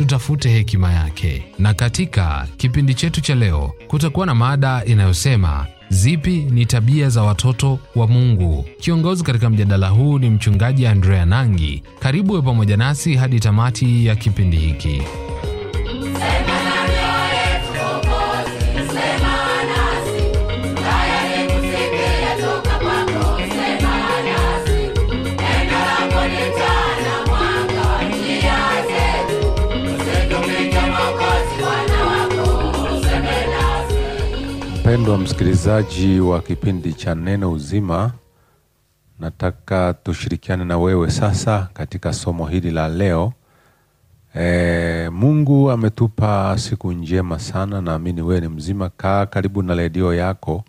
tutafute hekima yake. Na katika kipindi chetu cha leo kutakuwa na mada inayosema zipi ni tabia za watoto wa Mungu. Kiongozi katika mjadala huu ni mchungaji Andrea Nangi. Karibu we pamoja nasi hadi tamati ya kipindi hiki. Mpendwa msikilizaji wa kipindi cha Neno Uzima, nataka tushirikiane na wewe sasa katika somo hili la leo. E, Mungu ametupa siku njema sana, naamini wewe ni mzima. Kaa karibu na redio yako,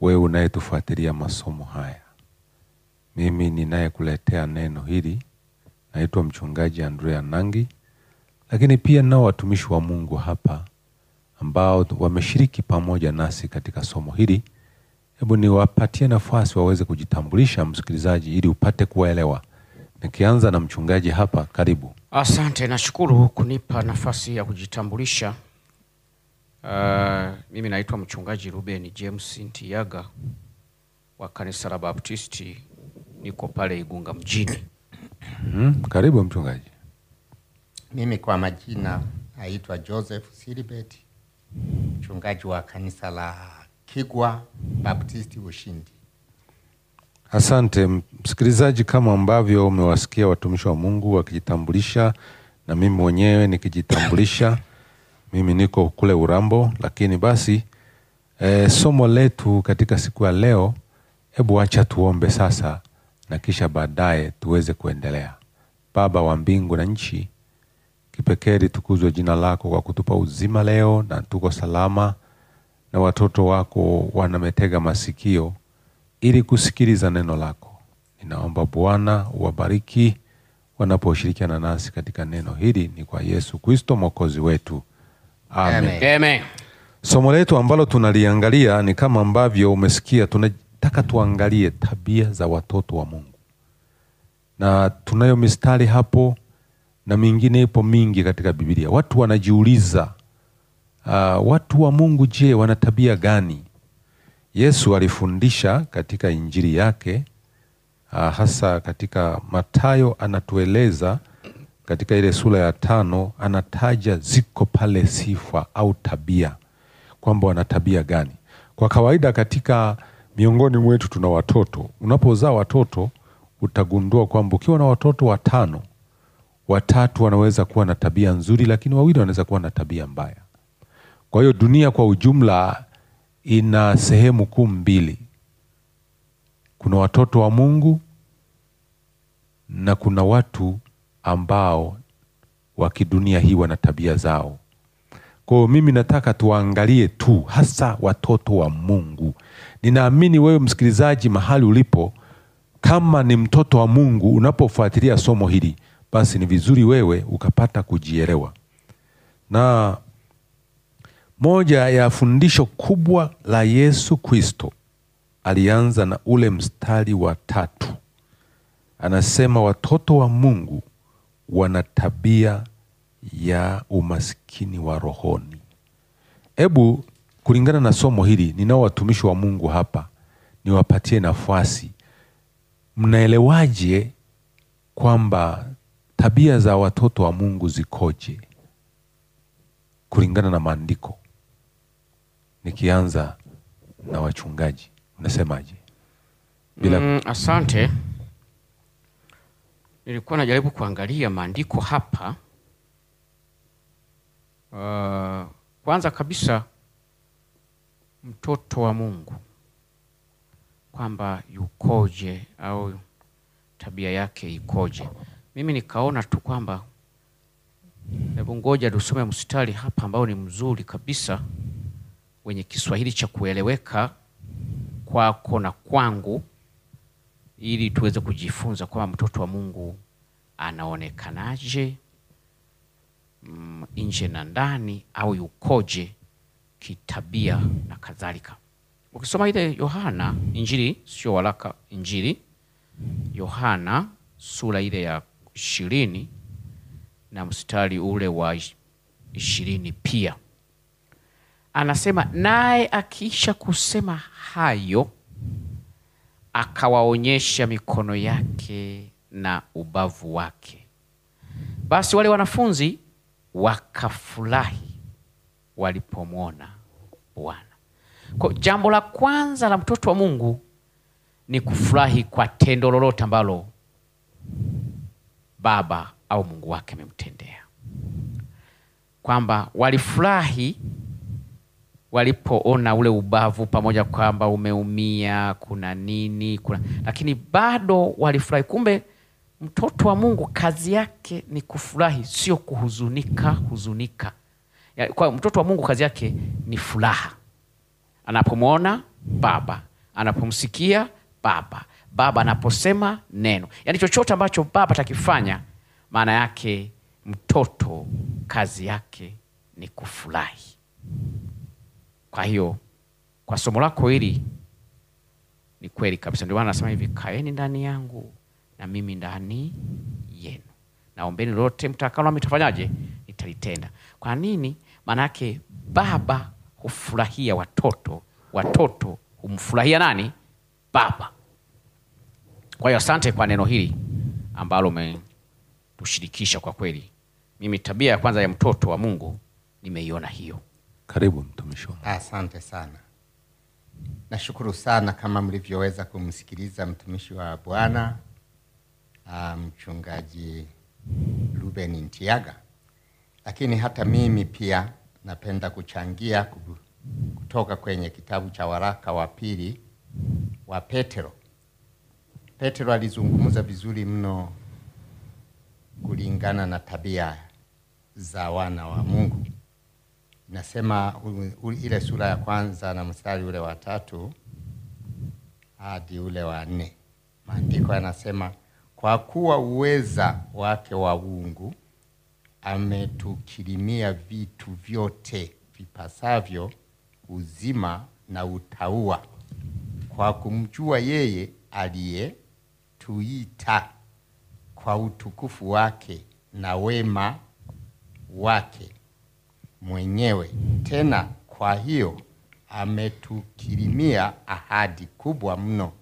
wewe unayetufuatilia masomo haya. Mimi ninayekuletea neno hili naitwa Mchungaji Andrea Nangi, lakini pia nao watumishi wa Mungu hapa ambao wameshiriki pamoja nasi katika somo hili. Hebu niwapatie nafasi waweze kujitambulisha, msikilizaji, ili upate kuwaelewa, nikianza na mchungaji hapa. Karibu. Asante, nashukuru kunipa nafasi ya kujitambulisha. Uh, mimi naitwa mchungaji Ruben James Ntiyaga wa kanisa la Baptisti, niko pale Igunga mjini. Mm, karibu mchungaji. Mimi kwa majina naitwa Joseph Silibeti mchungaji wa kanisa la Kigwa Baptisti Ushindi. Asante msikilizaji, kama ambavyo umewasikia watumishi wa Mungu wakijitambulisha na mimi mwenyewe nikijitambulisha mimi niko kule Urambo, lakini basi e, somo letu katika siku ya leo, hebu acha tuombe sasa na kisha baadaye tuweze kuendelea. Baba wa mbingu na nchi Kipekee litukuzwe jina lako kwa kutupa uzima leo, na tuko salama na watoto wako wanametega masikio ili kusikiliza neno lako. Ninaomba Bwana uwabariki wanaposhirikiana nasi katika neno hili, ni kwa Yesu Kristo mwokozi wetu Amen. Amen. Amen. Somo letu ambalo tunaliangalia ni kama ambavyo umesikia, tunataka tuangalie tabia za watoto wa Mungu na tunayo mistari hapo na mingine ipo mingi katika Biblia. Watu wanajiuliza uh, watu wa Mungu je, wana tabia gani? Yesu alifundisha katika injili yake uh, hasa katika Mathayo anatueleza katika ile sura ya tano anataja ziko pale sifa au tabia kwamba wana tabia gani. Kwa kawaida katika miongoni mwetu tuna watoto. Unapozaa watoto utagundua kwamba ukiwa na watoto watano watatu wanaweza kuwa na tabia nzuri, lakini wawili wanaweza kuwa na tabia mbaya. Kwa hiyo dunia kwa ujumla ina sehemu kuu mbili, kuna watoto wa Mungu na kuna watu ambao wa kidunia hii wana tabia zao. Kwa hiyo mimi nataka tuangalie tu hasa watoto wa Mungu. Ninaamini wewe msikilizaji, mahali ulipo, kama ni mtoto wa Mungu, unapofuatilia somo hili basi ni vizuri wewe ukapata kujielewa. Na moja ya fundisho kubwa la Yesu Kristo alianza na ule mstari wa tatu, anasema watoto wa Mungu wana tabia ya umaskini wa rohoni. Hebu kulingana na somo hili, ninao watumishi wa Mungu hapa, niwapatie nafasi. Mnaelewaje kwamba tabia za watoto wa Mungu zikoje kulingana na maandiko? Nikianza na wachungaji, unasemaje? Bila... Mm, asante. Nilikuwa najaribu kuangalia maandiko hapa. Uh, kwanza kabisa mtoto wa Mungu kwamba yukoje au tabia yake ikoje? Mimi nikaona tu kwamba hebu ngoja tusome mstari hapa ambao ni mzuri kabisa wenye Kiswahili cha kueleweka kwako na kwangu, ili tuweze kujifunza kwamba mtoto wa Mungu anaonekanaje mm, nje na ndani, au yukoje kitabia na kadhalika. Ukisoma ile Yohana Injili, sio waraka, Injili Yohana sura ile ya ishirini na mstari ule wa ishirini pia anasema, naye akiisha kusema hayo akawaonyesha mikono yake na ubavu wake. Basi wale wanafunzi wakafurahi walipomwona Bwana. ko jambo la kwanza la mtoto wa Mungu ni kufurahi kwa tendo lolote ambalo baba au Mungu wake amemtendea, kwamba walifurahi walipoona ule ubavu, pamoja kwamba umeumia, kuna nini, kuna lakini bado walifurahi. Kumbe mtoto wa Mungu kazi yake ni kufurahi, sio kuhuzunika. Huzunika kwa mtoto wa Mungu kazi yake ni furaha, anapomwona Baba, anapomsikia Baba. Baba anaposema neno, yaani chochote ambacho Baba atakifanya, maana yake mtoto kazi yake ni kufurahi. Kwa hiyo kwa somo lako hili ni kweli kabisa, ndio maana anasema hivi, kaeni ndani yangu na mimi ndani yenu, naombeni lolote mtakalo, nami Nitalitenda. Kwa nini? Maana yake Baba hufurahia watoto, watoto humfurahia nani? Baba. Kwa hiyo asante kwa neno hili ambalo umetushirikisha kwa kweli. Mimi tabia ya kwanza ya mtoto wa Mungu nimeiona hiyo. Karibu mtumishi. Asante sana, nashukuru sana kama mlivyoweza kumsikiliza mtumishi wa Bwana ah, mchungaji Ruben Ntiaga, lakini hata mimi pia napenda kuchangia kutoka kwenye kitabu cha waraka wa pili wa Petero Petro alizungumza vizuri mno kulingana na tabia za wana wa Mungu. Nasema ile sura ya kwanza na mstari ule wa tatu hadi ule wa nne, maandiko yanasema kwa kuwa uweza wake wa uungu ametukirimia vitu vyote vipasavyo uzima na utaua kwa kumjua yeye aliye kutuita kwa utukufu wake na wema wake mwenyewe. Tena kwa hiyo ametukirimia ahadi kubwa mno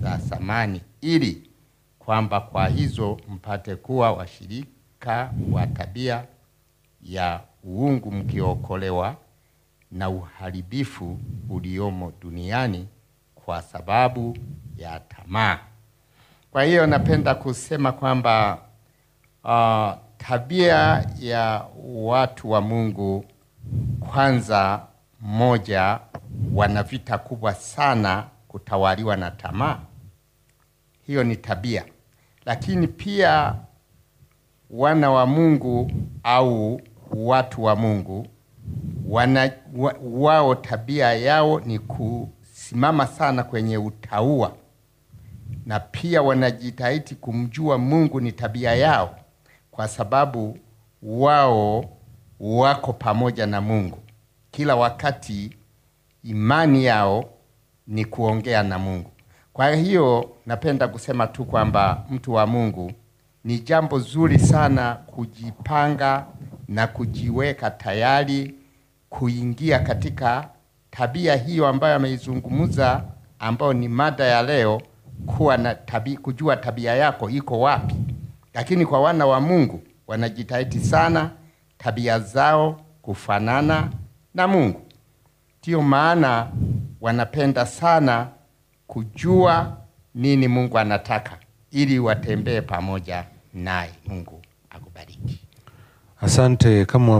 za samani, ili kwamba kwa hizo mpate kuwa washirika wa tabia ya uungu, mkiokolewa na uharibifu uliomo duniani kwa sababu ya tamaa. Kwa hiyo napenda kusema kwamba uh, tabia ya watu wa Mungu kwanza, moja, wana vita kubwa sana kutawaliwa na tamaa. Hiyo ni tabia, lakini pia wana wa Mungu au watu wa Mungu wana, wa, wao tabia yao ni kusimama sana kwenye utaua na pia wanajitahidi kumjua Mungu ni tabia yao, kwa sababu wao wako pamoja na Mungu kila wakati. Imani yao ni kuongea na Mungu. Kwa hiyo napenda kusema tu kwamba mtu wa Mungu, ni jambo zuri sana kujipanga na kujiweka tayari kuingia katika tabia hiyo ambayo ameizungumza, ambayo ni mada ya leo kuwa na tabi, kujua tabia yako iko wapi, lakini kwa wana wa Mungu wanajitahidi sana tabia zao kufanana na Mungu. Ndiyo maana wanapenda sana kujua nini Mungu anataka ili watembee pamoja naye. Mungu akubariki. Asante. Kama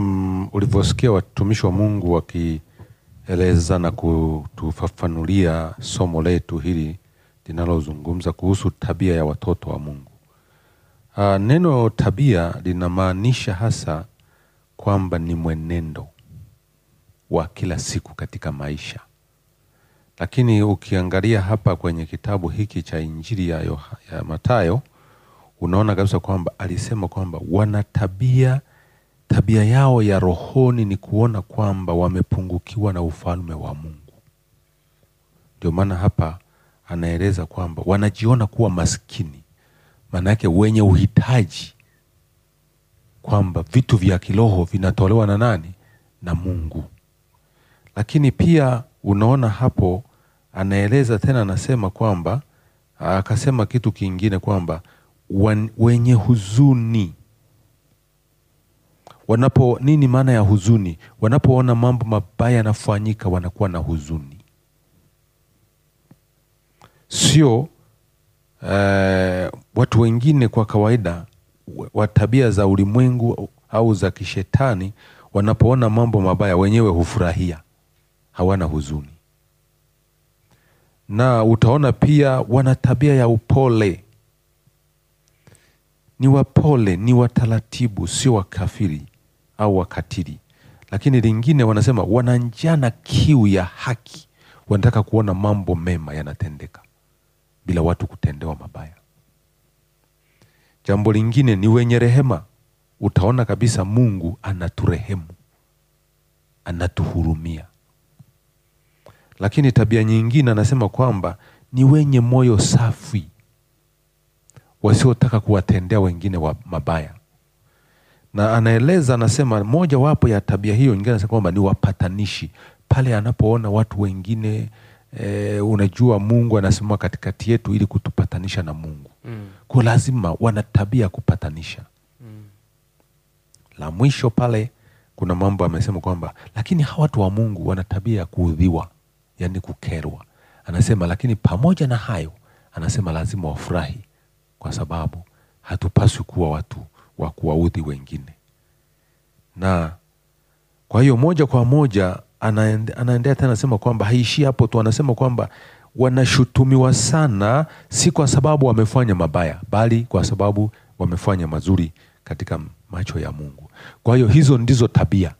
ulivyosikia watumishi wa Mungu wakieleza na kutufafanulia somo letu hili linalozungumza kuhusu tabia ya watoto wa Mungu. Aa, ah, neno tabia linamaanisha hasa kwamba ni mwenendo wa kila siku katika maisha, lakini ukiangalia hapa kwenye kitabu hiki cha Injili ya, ya Mathayo unaona kabisa kwamba alisema kwamba wana tabia tabia yao ya rohoni ni kuona kwamba wamepungukiwa na ufalme wa Mungu. Ndio maana hapa anaeleza kwamba wanajiona kuwa maskini, maana yake wenye uhitaji, kwamba vitu vya kiroho vinatolewa na nani? Na Mungu. Lakini pia unaona hapo anaeleza tena, anasema kwamba akasema kitu kingine kwamba wenye huzuni wanapo nini, maana ya huzuni? Wanapoona mambo mabaya yanafanyika, wanakuwa na huzuni sio eh, watu wengine kwa kawaida wa tabia za ulimwengu au za kishetani, wanapoona mambo mabaya wenyewe hufurahia, hawana huzuni. Na utaona pia wana tabia ya upole, ni wapole, ni wataratibu, sio wakafiri au wakatili. Lakini lingine wanasema wananjana kiu ya haki, wanataka kuona mambo mema yanatendeka bila watu kutendewa mabaya. Jambo lingine ni wenye rehema. Utaona kabisa Mungu anaturehemu, anatuhurumia. Lakini tabia nyingine anasema kwamba ni wenye moyo safi, wasiotaka kuwatendea wengine wa mabaya, na anaeleza anasema, mojawapo ya tabia hiyo nyingine anasema kwamba ni wapatanishi, pale anapoona watu wengine e, unajua Mungu anasimama katikati yetu ili kutupatanisha na Mungu mm. ko lazima wana tabia ya kupatanisha mm. La mwisho pale kuna mambo amesema kwamba lakini hawa watu wa Mungu wana tabia ya kuudhiwa, yani kukerwa. Anasema lakini pamoja na hayo, anasema lazima wafurahi, kwa sababu hatupaswi kuwa watu wa kuwaudhi wengine. Na kwa hiyo moja kwa moja anaendea tena anasema kwamba haishii hapo tu, anasema kwamba wanashutumiwa sana, si kwa sababu wamefanya mabaya, bali kwa sababu wamefanya mazuri katika macho ya Mungu. Kwa hiyo hizo ndizo tabia.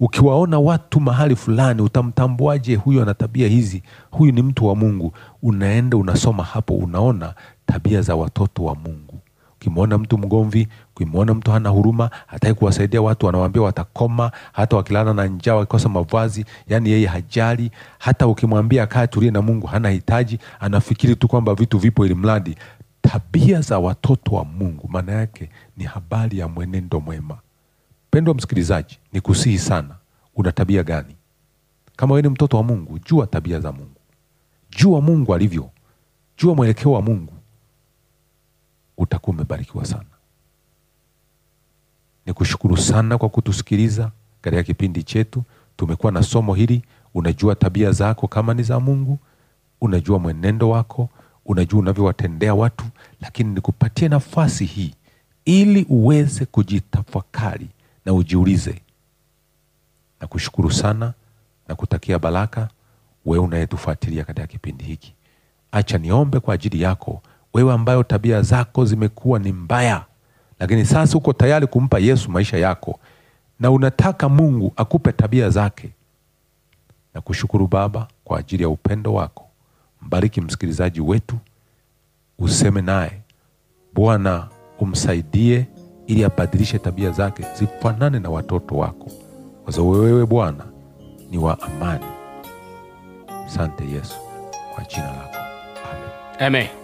Ukiwaona watu mahali fulani, utamtambuaje huyu ana tabia hizi? Huyu ni mtu wa Mungu. Unaenda unasoma hapo, unaona tabia za watoto wa Mungu. Ukimwona mtu mgomvi, Ukimwona mtu hana huruma, hataki kuwasaidia watu, anawambia watakoma, hata wakilala na njaa, wakikosa mavazi, yani yeye hajali. Hata ukimwambia akae tulie na Mungu, hana hitaji, anafikiri tu kwamba vitu vipo ili mradi. Tabia za watoto wa Mungu maana yake ni habari ya mwenendo mwema. Pendwa msikilizaji, ni kusihi sana, una tabia gani? Kama wewe ni mtoto wa Mungu, jua tabia za Mungu, jua Mungu alivyo, jua mwelekeo wa Mungu, utakuwa umebarikiwa sana. Nikushukuru sana kwa kutusikiliza katika kipindi chetu. Tumekuwa na somo hili. Unajua tabia zako kama ni za Mungu, unajua mwenendo wako, unajua unavyowatendea watu, lakini nikupatie nafasi hii ili uweze kujitafakari na ujiulize. Nakushukuru sana na kutakia baraka wewe unayetufuatilia katika kipindi hiki. Acha niombe kwa ajili yako wewe ambayo tabia zako zimekuwa ni mbaya lakini sasa uko tayari kumpa Yesu maisha yako na unataka Mungu akupe tabia zake. Na kushukuru Baba kwa ajili ya upendo wako. Mbariki msikilizaji wetu, useme naye Bwana, umsaidie ili abadilishe tabia zake zifanane na watoto wako, kwa sababu wewe Bwana ni wa amani. Sante Yesu, kwa jina lako amen, amen.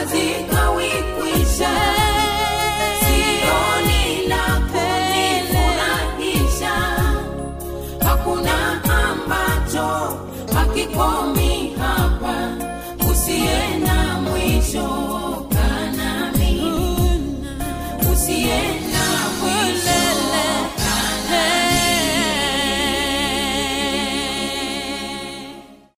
Brasil.